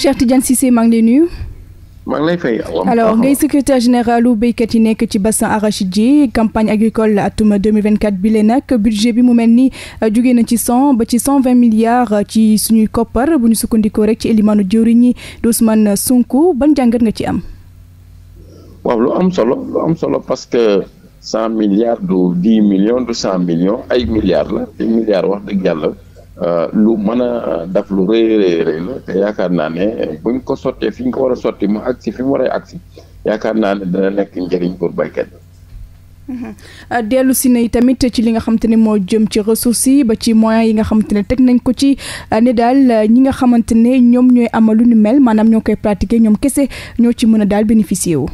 Cheikh Tidiane Cissé maa ngi lay nuyu. maa ngi lay fay ngay secrétaire général u béykat yi nekk ci bassin arachide ji campagne agricole atum 2024 bi lee nag budget bi mu mel ni euh, jóge na ci son ba ci cent vingt milliards euh, ci suñuy koppar bu ñu sukkandikoo rek ci élimaanu jëwriñ yi Ousmane Sonko ban jàngat nga ci am. waaw lu am solo lu am solo parce que cent milliards du dix millions du cent millions ay milliards la ay milliards wax dëgg yàlla. Euh, lu mën a euh, daf lu rëy rëy rëy la te yaakaar naa ne buñ ko sottee fi ñu ko war a sotti mu agsi fi mu war a agsi yaakaar naa ne dana nekk njëriñ pour baykat bi mhm. euh, dellu si na tamit ci li nga xamante ne moo jëm ci ressources yi ba ci moyens yi nga xamante ne teg nañ ko ci ne daal ñi nga xamante ne ñoom ñooy amalu ni mel maanaam ñoo koy pratiquer ñoom kese ñoo ci mën a daal bénéficier wu.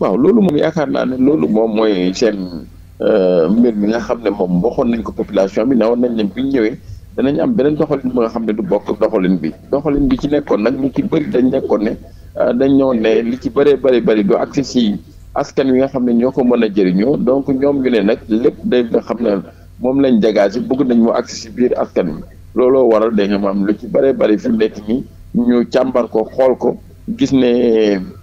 waaw loolu moom yaakaar naa ne loolu moom mooy seen Euh, mbir mi nga xam ne moom waxoon nañ ko population bi newoon nañ leen bi ñëwee danañ am beneen doxalin bu nga xam ne du bokk doxalin bi doxalin bi ci nekkoon nag ñu ci bëri dañ nekkoon ne euh, dañ ñëwoon ne li ci bëree bëri bëri du accès si askan wi nga xam ne ñoo ko mën a jëriñoo donc ñoom ñu ne nag lépp day nga xam ne moom lañ dégagé bëgg nañ mu accès si biir askan wi looloo waral da nga maam lu ci bëree bari fi mu nekk nii ñu càmbar ko xool ko gis ne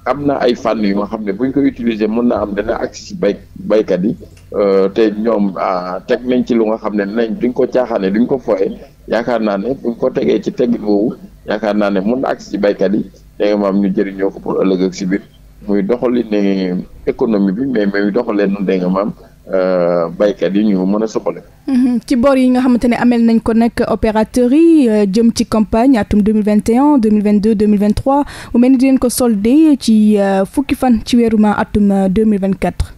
am na ay fànn yu nga xam ne buñ ñu ko utiliser mën na am dana agsi ci bay baykat yi euh, te ñoom ah, teg nañ ci lu nga xam ne nañ duñ ko caaxaane duñ ko foye yaakaar naa ne buñ ko tegee ci teggin woowu yaakaar naa ne mën na agsi ci baykat yi danga maam ñu jëriñoo ko pour ëllëg ak si biir muy doxali ne eh, économie bi mais muy doxalee noonu danga maam Euh, baykat yi ñu mën a soxla. Mhm. ci bor yi nga xamante ne amel nañ ko nag opérateurs yi euh, jëm ci campagne atum deux mille vingt et un deux mille vingt deux deux mille vingt trois mu mel ni di leen ko soldé ci euh, fukki fan ci weeru maa atum deux mille vingt quatre.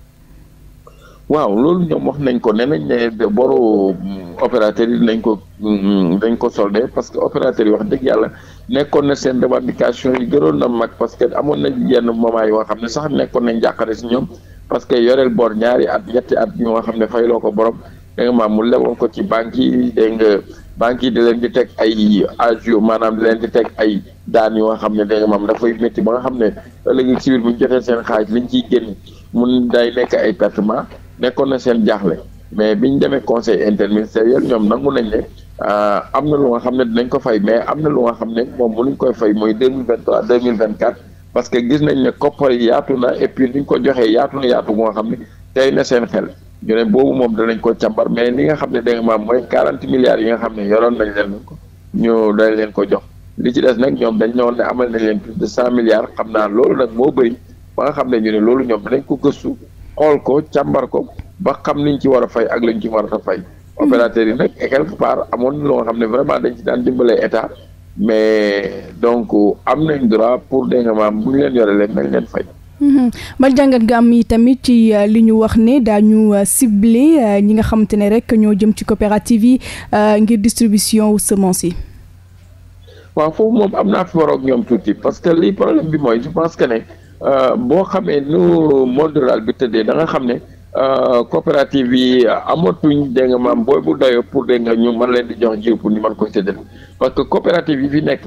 waaw loolu ñoom wax nañ ko nee nañ ne boru mm, opérateurs yi dañ ko dañ mm, mm, ko soldé parce que opérateurs yi wax dëgg yàlla nekkoon na seen revendication yi gënoon na mag parce que amoon nañ yenn moment yoo xam ne sax nekkoon nañ jàqare si ñoom. parce que yoreel boor ñaari at ñetti at ñoo xam ne loo ko borom dégg maam mu leboon ko ci banque yi dégg nga banques yi di leen di teg ay agio maanaam leen di teg ay daan yoo xam ne dégg nga maam dafay métti ba nga xam ne léegi si biir bu ñu jotee seen xaaj liñ ciy génn mun day nekk ay pertement nekkoon na seen jaaxle mais bi biñ demee conseil interministériel ñoom nangu nañ ne ah, am na lu nga xam ne dinañ ko fay mais am na lu nga xam ne moom mënuñ koy fay mooy deux mille vingt trois deux mille vingt quatre parce que gis nañ ne koppar yaatu na et puis ni ko joxee yaatu na yaatu moo xam ne tey na seen xel ñu ne boobu moom danañ ko càmbar mais li nga xam ne dégg nga maam mooy quarante milliards yi nga xam ne yoroon nañ leen ko leen ko jox li ci des nag ñoom dañ ne woon ne amal nañ leen plus de cent milliards xam naa loolu nag moo bëri ba nga xam ne ñu ne loolu ñoom danañ ko gëstu xool ko càmbar ko ba xam niñ ci war a fay ak liñ ci war a fay. Hmm. opérateurs yi nag et quelque amoon loo xam ne vraiment dañ ci daan dimbalee état mais donc am nañ droit pour dégg nga maam bu ñu leen yore leen nañ leen fay. Mhm. ba jàngat nga am yi tamit ci euh, li ñu wax ne daañu euh, ciblé euh, ñi nga xamante ne rek ñoo jëm ci coopérative yi ngir distribution wu semence yi. waaw foofu moom am naa fi waroog ñoom tuuti parce que li problème bi mooy je pense que ne boo xamee nu monde rural bi tëddee da nga xam ne. Euh, coopérative yi amatuñ dégg nga maam booy bu doyo pour dégg nga ñu mën leen di jox jiw pour ñu mën koy séddale parce que coopérative yi fi nekk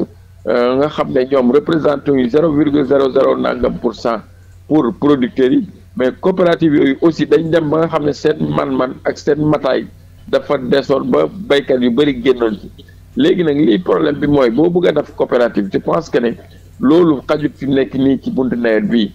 euh, nga xam ne ñoom représenté yu zéro virgule zéro zéro nangam pour cent pour producteurs yi mais coopérative yooyu aussi dañ dem ba nga xam ne seen man-man ak seen mataay dafa desoon ba béykat yu bëri génnoon ci léegi nag lii problème bi mooy boo bëgg a def coopérative je pense que ne loolu xajut fi mu nekk nii ci buntu nawet bii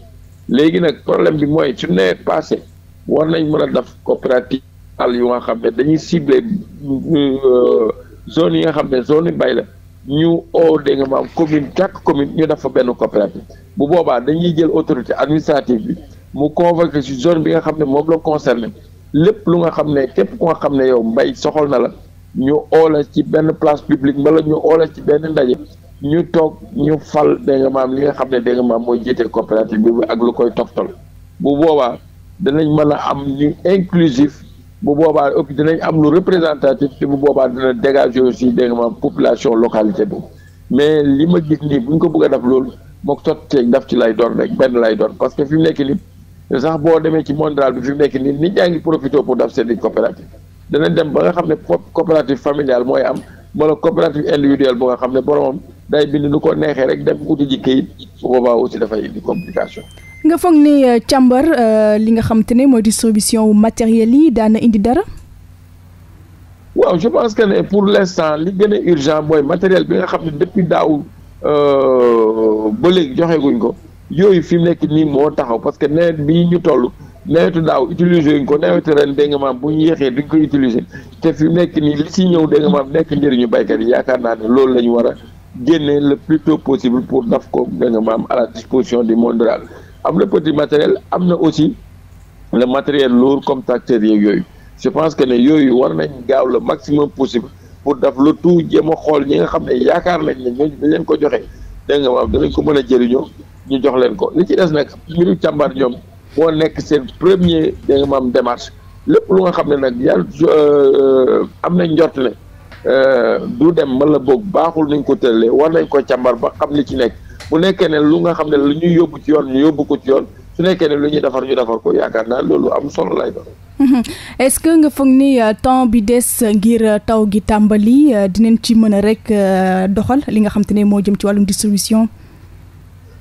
léegi nag problème bi mooy su nawet passé war nañ mën a def coopérative àll yu nga xam ne dañuy ciblé euh, zone yi nga xam ne zone yu bay la ñu oo dégg nga maam commune chaque commune ñu def fa benn coopérative bu boobaa dañuy jël autorité administrative bi mu convoqué ci zone bi nga xam ne moom la concerné lépp lu nga xam ne képp ku nga xam ne yow mbay soxal na la ñu oo ci benn place publique mbala ñu oo ci benn ndaje ñu toog ñu fal dégg nga maam li nga xam ne dégg nga maam mooy jiite coopérative bi ak lu koy toftal bu boobaa. danañ mën a am ñu inclusif bu boobaa danañ am lu représentatif te bu boobaa dina dégager aussi dégg nga maam population localité bi mais li ma gis nii bu ñu ko bëgg a def loolu mook sotteeg daf ci lay doon rek benn lay doon parce que fi mu nekk nii sax boo demee ci mondial bi fi mu nekk nii nit ñaa ngi profité pour daf seen i coopérative dana dem ba nga xam ne coopérative familial mooy am wala coopérative individuelle bu nga xam ne boromam day bind nu ko neexee rek dem uti ji këyit su boobaa aussi dafay complication. nga foog ni euh, càmbar euh, li nga xam te ne mooy distribution matériel yi daan na indi dara. waaw je pense que ne pour l' instant li gën a urgent mooy matériel bi nga xam ne depuis daaw euh, ba léegi joxe guñ ko yooyu fi mu nekk nii moo taxaw parce que nawet bii ñu toll nawetu daaw utiliser wuñ ko nawetu ren dégg nga maam bu ñu yéexee duñ ko utiliser te fi nekk nii li si ñëw dégg nga maam nekk njëriñu béykat yi yaakaar naa ne loolu la ñu war a. génne le plus tôt possible pour daf ko dañu maam à la disposition du monde rural am na petit matériel am na aussi le matériel loolu comme tracteurs yooyu je pense que ne yooyu war nañ gaaw le maximum possible pour daf le tout jéem a xool ñi nga xam ne yaakaar nañ ne ñooñu dañ leen ko joxe dégg nga maam danañ ko mën a jëriñoo ñu jox leen ko li ci des nag mbiru càmbar ñoom moo nekk seen premier dégg nga maam démarche lépp lu nga xam ne nag yàlla euh, am nañ njort ne Euh, du dem mën la boog baaxul nañ ko tëralee war nañ ko càmbar ba xam li ci nekk bu nekkee ne lu nga xam ne lu ñuy yóbbu ci yoon ñu yóbbu ko ci yoon su nekkee ne lu ñuy defar ñu defar ko yaakaar naa loolu am solo lay est-ce que nga foog ni euh, temps bi des ngir euh, taw gi tàmbali dinañ ci mën a rek doxal li nga xam te ne moo jëm ci wàllum distribution.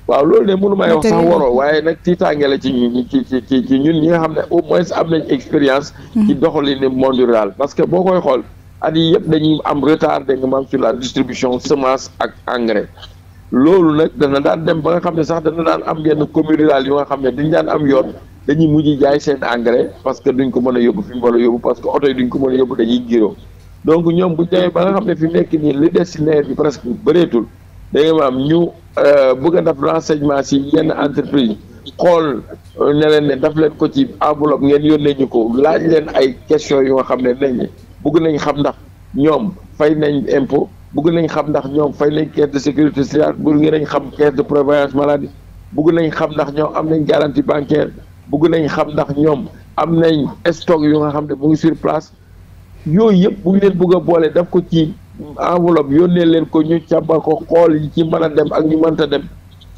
waaw loolu de mënu may wax waroo waaye nag tiitaange la ci ñun ci ci ñun ñi nga xam ne au moins am nañ expérience. Mhm. ci doxalin monde rural parce que boo koy xool. at yi yëpp dañuy am retard dégg nga maam sur la distribution semence ak engrais loolu nag na daan dem ba nga xam ne sax dana daan am yenn commune rurale yu nga xam ne dañ daan am yoon dañuy mujj jaay seen engrais parce que duñ ko mën a yóbbu fi mu mën a yóbbu parce que oto yi duñ ko mën a yóbbu dañuy giroo donc ñoom bu ñu ba nga xam ne fi mu nekk nii li des bi presque bëreetul da nga maam ñu euh, bëgg a def renseignement si yenn entreprise xool euh, ne leen ne daf leen ko ci enveloppe ngeen yónnee ñu ko laaj leen ay question yu xam ne nañ bugg nañu xam ndax ñoom fay nañ impôt bëgg nañ xam ndax ñoom fay nañ caisse de sécurité sociale bëgg nañ xam caisse de prévoyance maladie bëgg nañ xam ndax ñoom am nañ garantie bancaire bëgg nañu xam ndax ñoom am nañ stock yu nga xam ne mu ngi sur place yooyu yëpp bu ñu leen bëgg a boole daf ko ci enveloppe yónnee leen ko ñu càmbar ko xool yi ci man a dem ak ñu mënta dem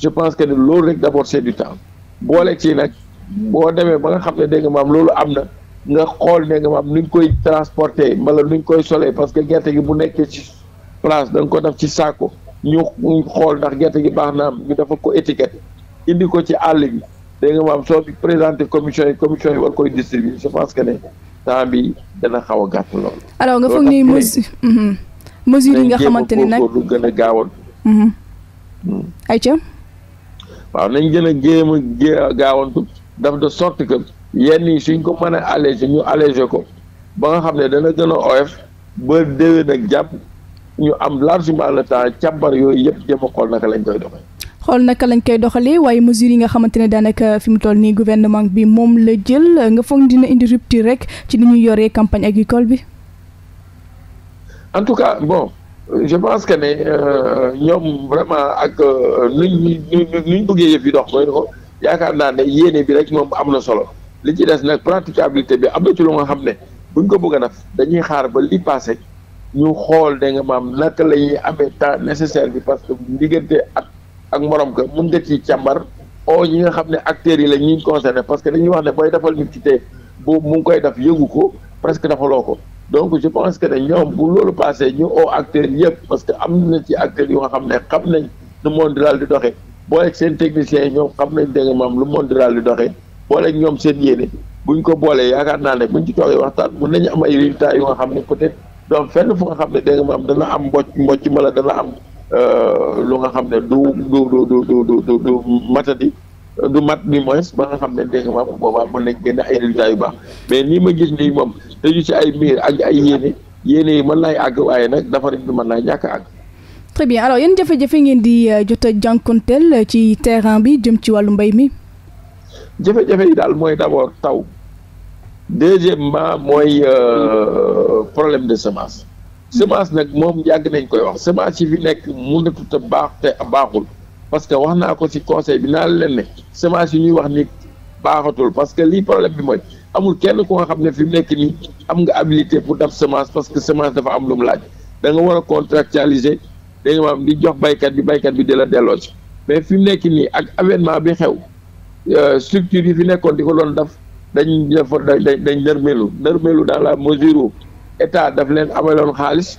je pense que ne loolu rek d'abord c'est du temps boole ci nag boo demee ba nga xam ne dégg nga maam loolu am na nga xool ne nga maam nuñ koy transporter mbala nuñ koy solee parce que gerte gi bu nekkee ci place da nga ko def ci saako ñu xool ndax gerte gi baax na am ñu dafa ko étiquette indi ko ci àll bi dégg nga maam soo présenté commission yi commission yi war koy distribuer je pense que ne temps bi dana xaw a gàtt lool. alors nga foog ni mesure mhm. mesure yi nga xamante ni nag lu gën a gaawoon. Mhm. Hmm. ayca. waaw nañ gën a jéem a gaawantu daf de sort que. yenn yi suñ ko mën a ñu allégé ko ba nga xam ne dana gën a oyof ba déwén ak jàpp ñu am largement la temps càmbar yooyu yëpp jëm xool naka lañ koy doxee. xool naka lañ koy doxalee waaye mesures yi nga xamante ne daanaka fi mu toll nii gouvernement bi moom la jël nga foog dina indi rupture rek ci ni ñuy yoree campagne agricole bi. en tout cas bon je pense que ne euh, ñoom vraiment ak euh, nuñ nuñ nuñ bëggee yëf yi dox mooy ko yaakaar naa ne yéene bi rek moom am na solo. li ci des nag praticabilité bi am na ci lu nga xam ne buñ ko bëgg a def dañuy xaar ba li passé ñu xool da nga maam naka la ñuy amee temps nécessaire bi parce que diggante ak ak morom ka mun nga ci càmbar o ñi nga xam ne acteurs yi la ñuy concerné parce que dañuy wax ne booy defal nit ki te boobu mu koy def yëgu ko presque defaloo ko donc je pense que ne ñoom bu loolu passé ñu oo acteurs yëpp parce que am na ci acteurs yu nga xam ne xam nañ nu monde di doxee boo ak seen yi ñoom xam nañ da nga maam lu monde rural di doxee booleeg ñoom seen yéene buñ ko boolee yaakaar naa ne buñ ci toogee waxtaan mun nañu am ay résultats yoo nga xam ne peut-être donc fenn fu nga xam ne dégg nga ma am dana am mbocc mala dana am euh, lu nga xam ne du du du du du du du matadi du mat ni xam ne dégg boobaa mën nañ génne ay yu baax mais nii ma gis nii moom tëju si ay miir ak ay yéene yéene yi mën naay àgg waaye nag dafa rek du mën naa ñàkk àgg. très bien alors yan jafe-jafe ngeen di euh, jot a jànkuwanteel ci terrain bi jëm ci wàllu mbay mi. jafe-jafe yi daal mooy d' abord taw deuxièmement mooy euh, problème de semence semence nag moom yàgg nañ koy wax semence yi fi nekk mënatut a baax te baaxul parce que wax naa ko ci conseil bi naa leen ne semence yi ñuy wax ni baaxatul parce que lii problème bi mooy amul kenn ku nga xam ne fi mu nekk nii am nga abilité pour def semence parce que semence dafa am lu mu laaj da nga war a contractualiser da maam di jox baykat bi baykat bi di la delloo ci mais fi mu nekk nii ak avènement bi xew Euh, structure yi fi nekkoon di ko doon def dañ def dañ dañ nërmeelu nërmeelu dans la mesure état daf leen amaloon xaalis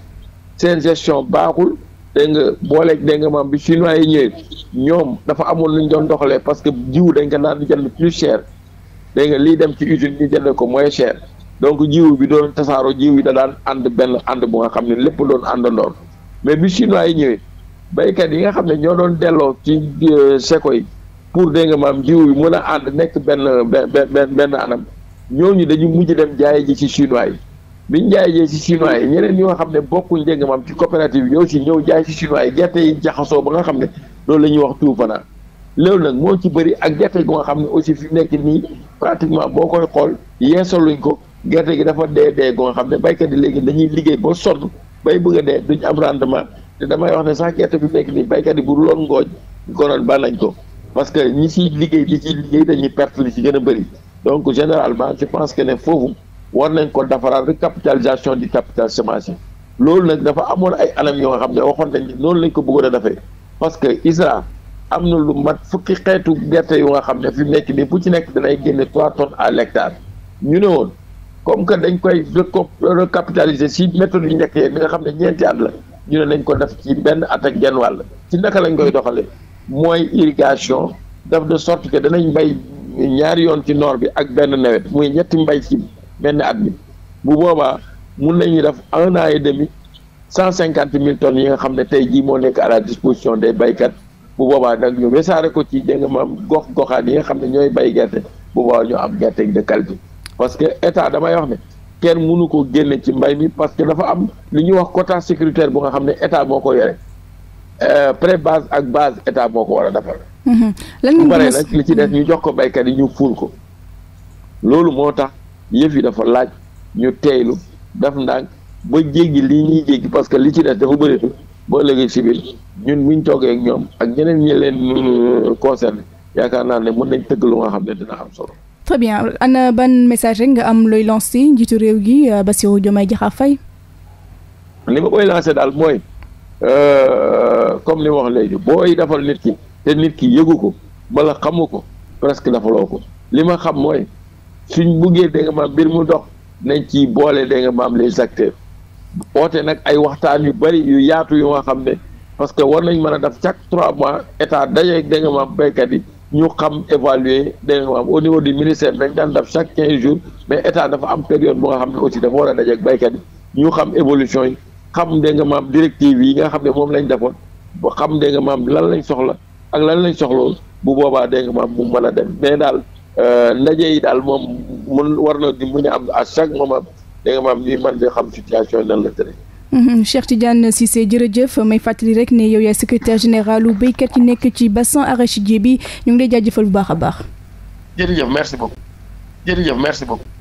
seen gestion baaxul dégg nga booleeg dégg nga maam bi chinois yi ñëwee ñoom dafa amoon lu ñu doon doxalee parce que jiw dañ ko naan di jënd plus cher dégg nga liy dem ci usine ñu jënd ko moins cher donc jiw bi doon tasaaro jiw yi da daan ànd benn ànd bu nga xam ne lépp doon àndandoor mais bi chinois yi ñëwee béykat yi nga xam ne ñoo doon delloo ci euh, seko yi pour dégg nga maam jiw yi mën a ànd nekk benn benn benn anam ñooñu dañu mujj dem jaaye ji ci chinois yi biñ jaay jee ci chinois yi ñeneen ñoo xam ne bokkuñ dégg nga maam ci coopérative yi si ñëw jaay ci chinois yi gerte yi jaxasoo ba nga xam ne loolu la ñuy wax tuufana loolu nag moom ci bëri ak gerte gu nga xam ne aussi fi nekk nii pratiquement boo koy xool yeesaluñ ko gerte gi dafa dee dee gu nga xam ne béykat yi léegi dañuy liggéey ba sonn bay bëgg dee duñ am rendement te damay wax ne sax gerte fi nekk nii béykat yi bu loon ngooñ konoon ba nañ parce que ñi ciy liggéey di liggéey dañuy perte li ci gën a bëri donc généralement je pense que ne foofu war nañ ko defaraat recapitalisation di capital semence yi loolu nag dafa amoon ay anam yoo xam ne waxoon nañ noonu lañ ko bëggoon a defee parce que ISRA am na lu mat fukki xeetu gerte yu nga xam ne fi mu nekk nii bu ci nekk danay génne trois tonnes à l'hectare ñu ne woon comme que dañ koy recapitaliser si méthode yu njëkk yi nga xam ne ñeenti at la ñu ne nañ ko def ci benn at ak genn wàll ci naka lañ koy doxalee. mooy irrigation def de sorte que danañ bay ñaari yoon ci noor bi ak benn nawet muy ñetti mbay ci benn at bi bu boobaa mun nañu def un an et demi cent cinquante mille tonnes yi nga xam ne tey jii moo nekk à la disposition des baykat bu boobaa nag ñu wesaare ko ci dégg ma maam gox goxaan yi nga xam ne ñooy bay gerte bu boobaa ñu am gerte de qualité parce que état damay wax ne kenn munu ko génne ci mbay mi parce que dafa am li ñuy wax quota sécuritaire bu nga xam ne état moo ko yore Euh, pré base ak base état moo ko war a defar. Mhm. lan ngeen paree nag li ci des ñu jox ko béykat yi ñu ful ko. loolu moo tax yëf yi dafa laaj ñu teeylu def ndànk ba jéggi lii ñuy jéggi parce que li ci des dafa bëritu boo léegi si biir ñun bu ñu toogee ñoom ak ñeneen ñi leen euh, concerné yaakaar naa ne mën nañ tëgg lu nga xam ne dina am solo. très bien ana ban message rek nga am looy lancé njiitu réew gi euh, Bassirou Diomaye Diakhar Faye. li ma koy lancé daal mooy. Euh, comme li ma wax léegi yi defal nit ki te nit ki yëgu ko bala xamu ko presque defaloo ko li ma xam mooy suñ buggee dégg nga maam mbir mu dox nañ ci boole dégg nga maam les acteurs oote nag ay waxtaan yu bari yu yaatu yu nga xam ne parce que war nañ mën a def chaque trois mois état daje dégg nga maam béykat yi ñu xam évaluer dégg nga maam au niveau du ministère dañ daan def chaque quinze jours mais état dafa am période bu nga xam ne aussi dafa war a daje ak béykat yi xam évolution yi xam dégg nga maam directive yi nga xam ne moom lañ defoon ba xam dégg nga maam lan lañ soxla ak lan lañ soxloon bu boobaa dégg nga maam mu mën a dem ne daal euh, ndaje yi daal moom mun war na di mun a am à chaque moment dégg nga maam ñuy mën di xam situation nan la tëddee. Mm-hmm. Cheikh Tidiane Cissé jërëjëf may fàttali rek ne yow yaay secrétaire général u béykat yi nekk ci bassin arachidier bi ñu ngi lay bu baax a baax. jërëjëf merci beaucoup jërëjëf merci beaucoup.